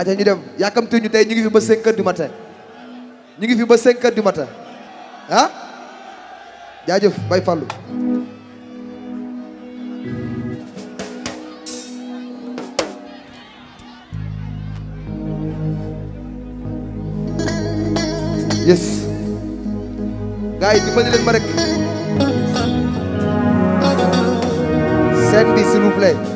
aja ñu dem yakam tuñu tay ñu ngi fi ba 5 heures du matin ñu ngi fi ba 5 heures du matin ah jaajëf bay fallu yes gars yi dimbali len ma rek scène bi s'il vous plaît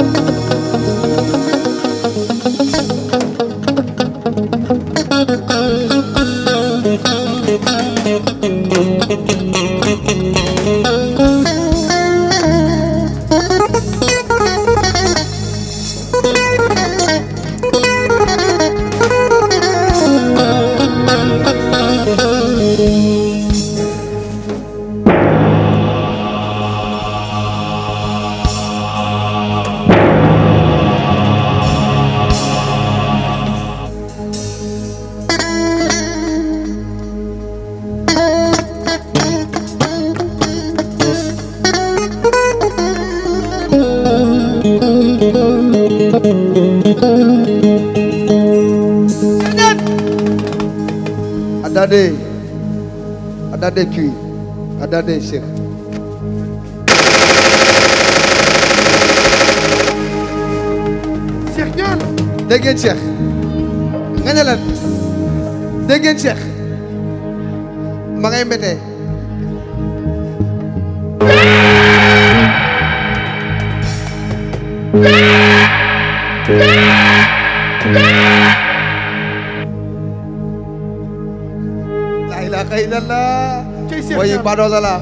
Adade. Adade Kui. Adade Sheikh. Cheikh ñaan. dégg ngeen Cheikh. nga ne lan. dégg Yeah! Yeah! 哎啦啦！我已经八招的了。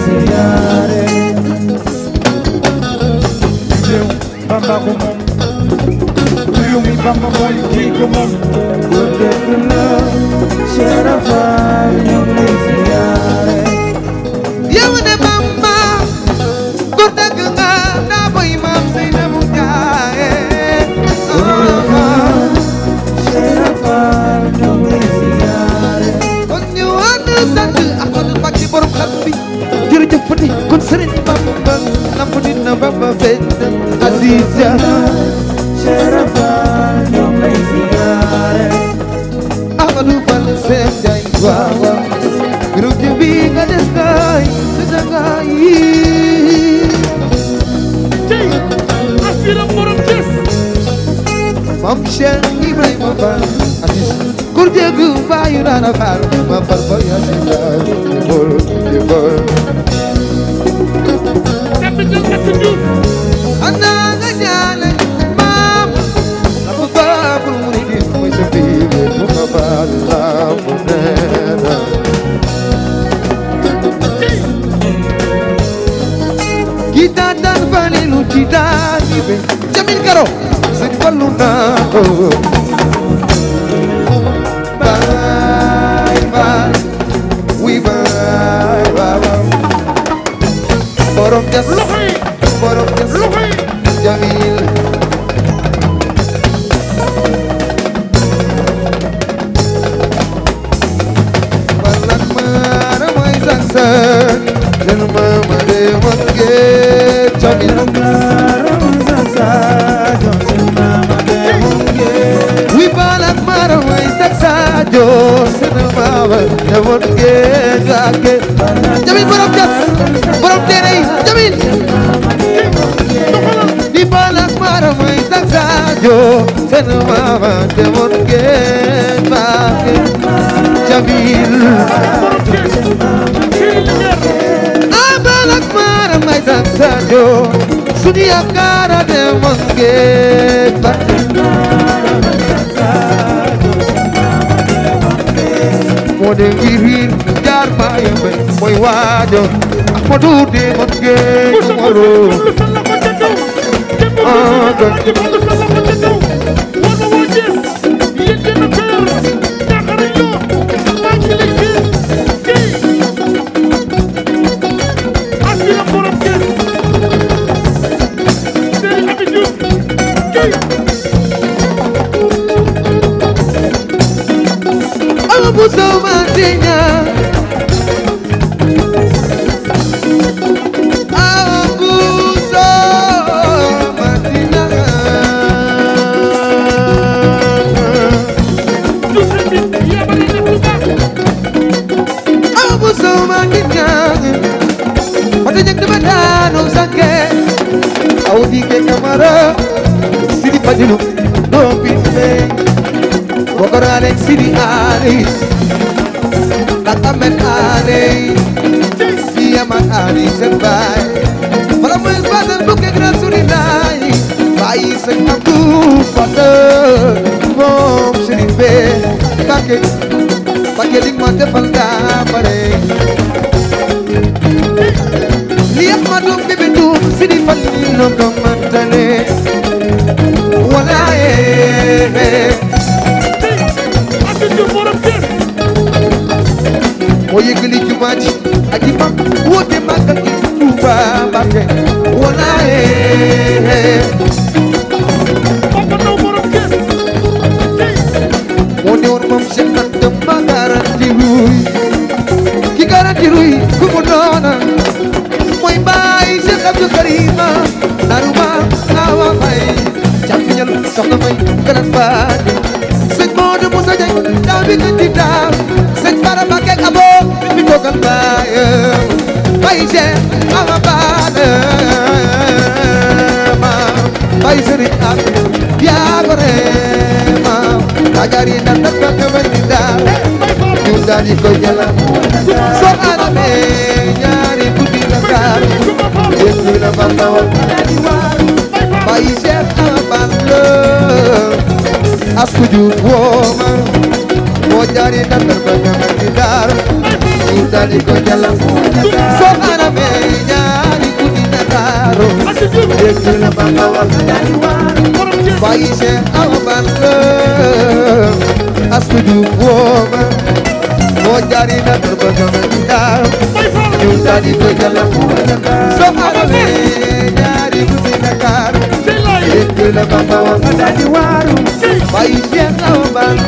ensinarem Eu babagumam Yumi bamaboy kikumam Kutekunam Sharafam Baba Babette Azizia Sharafa Nyomba Izigare Avadu Palsenja Iwawa Grukibinga Deskai Sujangai Jaya Afira Moram Jes Mamshan Ibrahim Abba Aziz Kurdia Gubayurana Faru Mabarbaya jiita daan falilu ci taalibe jamil karo sëñ fallu naa ko baay baay wi baay baay borom jas joosin maama jamono géej laa géej Jamil borom jas borom téere yi Jamil di balak maara muy sagsa joosin maama jamono géej laa géej Jamil ah balak maara muy sagsa joosin suñu yaakaar a demoon géej Modou ngi biir jaar baayam bay mooy waajo Modou de man ngeen moro ah Sidi Ali Katamet Ali Yaman Ali Sembay From his father book and Rasulillah By Sayyid Abdul Father Mom Sidi Be Kake jiru yi ku mu doona mooy baay Cheikh Abdou Karima naru maam Awa Fay càmpiñal soxna may garan baati sëñ Moodu Musa Jeng daa bi gën di daaw sëñ Bara Mbakke ak mi toogal baayam baay Cheikh Awa Baana maam baay Sëriñ Abdou yaa ko ree maam daa daal di koy jëlaat soo amee ñaari guddi la gaar yéen la ban la woon bàyyi Cheikh Aban la as ku jub woo ma boo jaaree ba ñama ci daar ñu daal di la la ma moo jaari na tur ba gama daal ñu daal di tegal la mu wala kaar soo amee ñaari bu si Dakar lépp la Bamba wax nga daal di waaru bàyyi seen aw bànn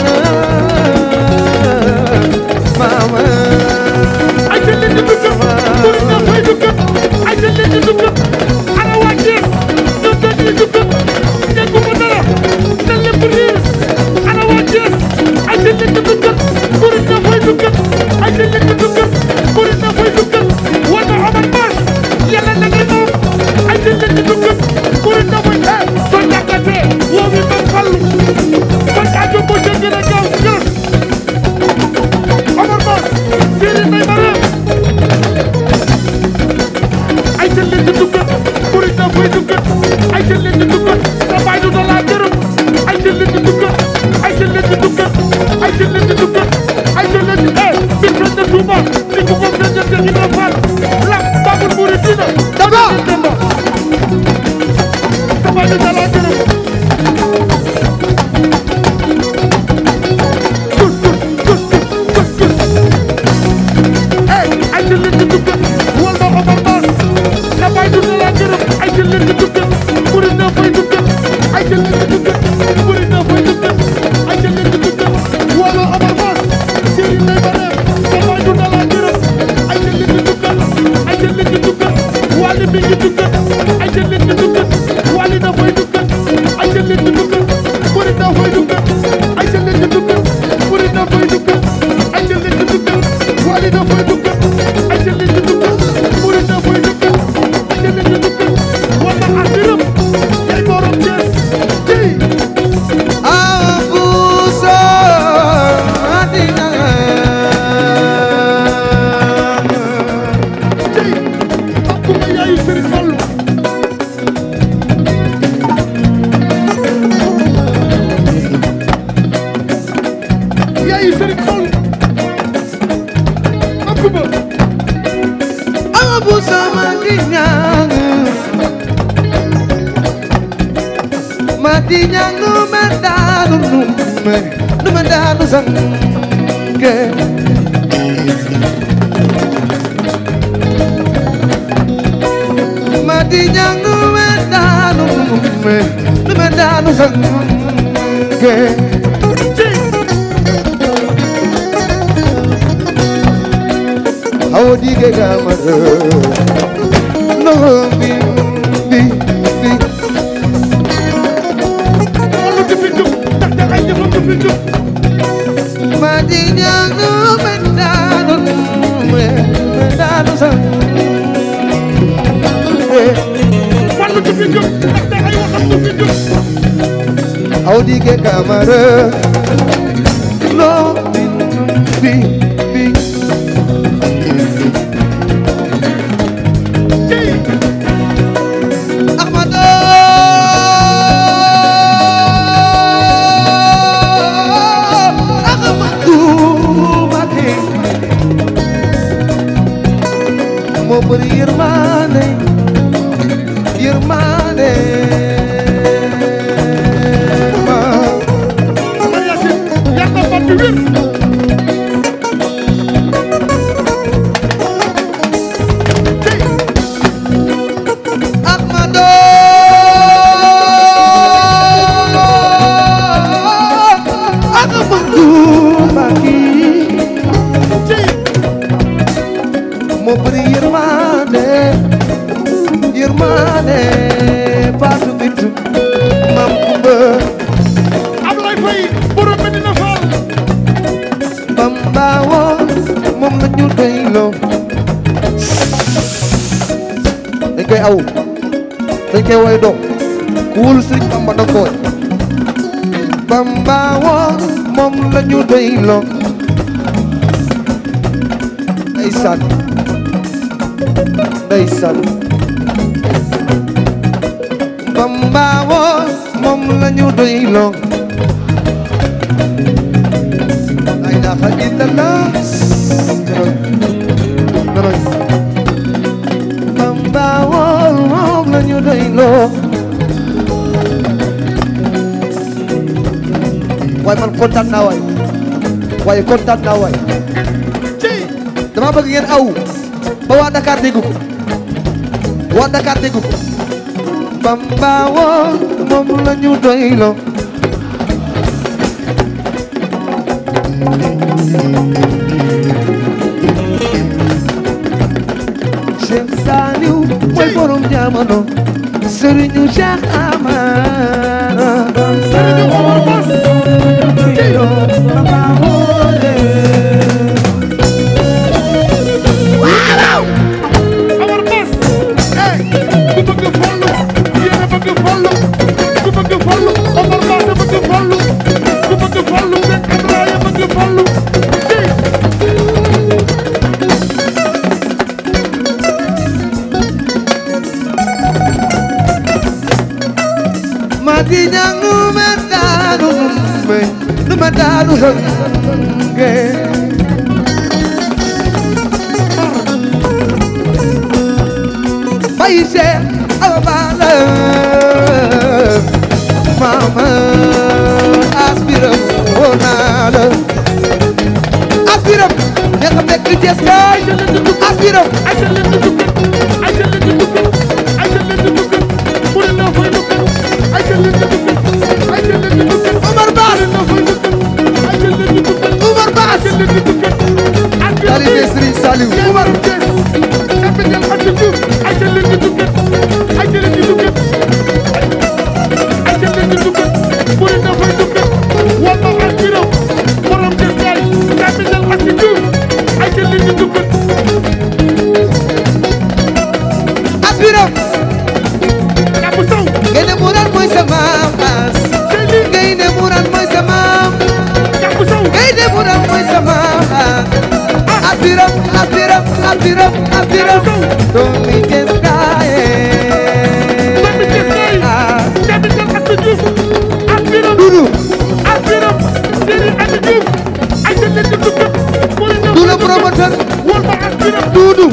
do good. sang ge ma di ñangu me daanu me me daanu sang ge awo diige gaama noxo mbi mbi mbi olu di fi jub ndax da ay jëfam di fi jub Audi que camarão, não me doo ku wul sëriñ bamba da kooy bamba woon moom la ñu bamba woon moom la ñu doy loo la ilaha doyloo waaye man kontaan naa waay waaye kontaan naa waay ba waa Dakar dégg ko waa Dakar dégg ko seen saaliw mooy borom jamono sëriñu Cheikh Amara sëriñu Omar Bass abdiram abdiram doomi Cees gaaye doomi Cees gaaye ah. doomi Cees Asta Diouf abdiram dudu abdiram deri Ami Diouf ay tete di tutu du le promoteur wol ma abdiram dudu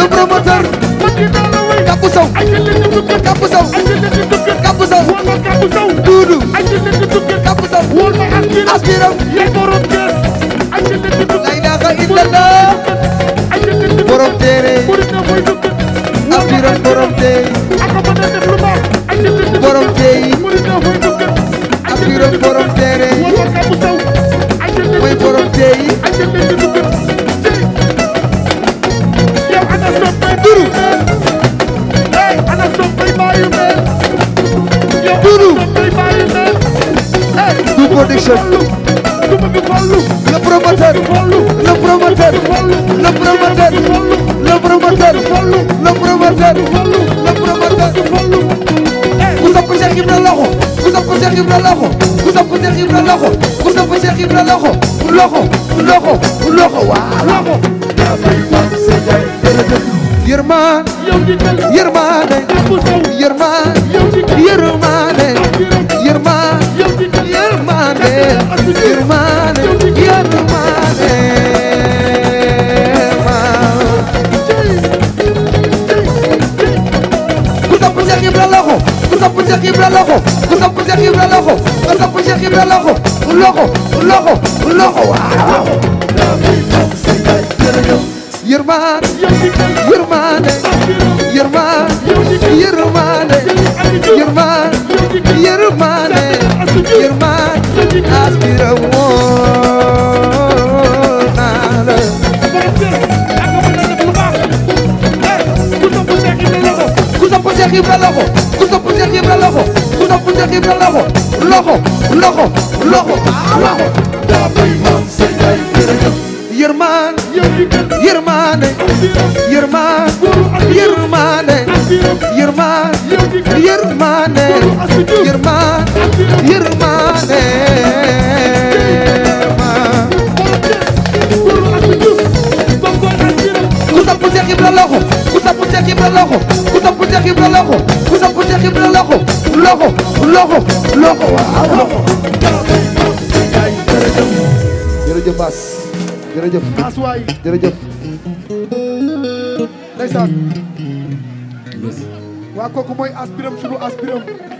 le promoteur Kappu Sow Kappu Sow Kappu Sow dudu Kappu Sow wol ma abdiram abdiram Cheikh Ibra loxo ku sopp Cheikh Ibra loxo ku sopp Cheikh Ibra loxo loxo loxo loxo waaw loxo damay wax sa jaay jërëjëf yërmaan yërmaane yërmaan yërmaane yërmaan yërmaane Cheikh Ibra loxo ku sopp Cheikh Ibra loxo ku sopp Cheikh Ibra loxo loxo loxo loxo waaw yërmande yërmande yërmande yërmande yërmande yërmande yërmande aspira woon naa la ku sopp Cheikh Ibra loxo ku sopp bu njëkk bi loxo loxo loxo loxo loxo daa bay maam say day jërëjëf yërmaan yërmaane yërmaan yërmaane yërmaan yërmaane yërmaan yërmaane loxo ku samp Seex Ibra loxo ku samp Seex Ibra loxo ku samp Seex Ibra loxo loxo loxo loxo waaw loxo. jërëjëf Baas jërëjëf. Baas waay jërëjëf. ndeysaan. waa kooku mooy aspiram sunu aspiram.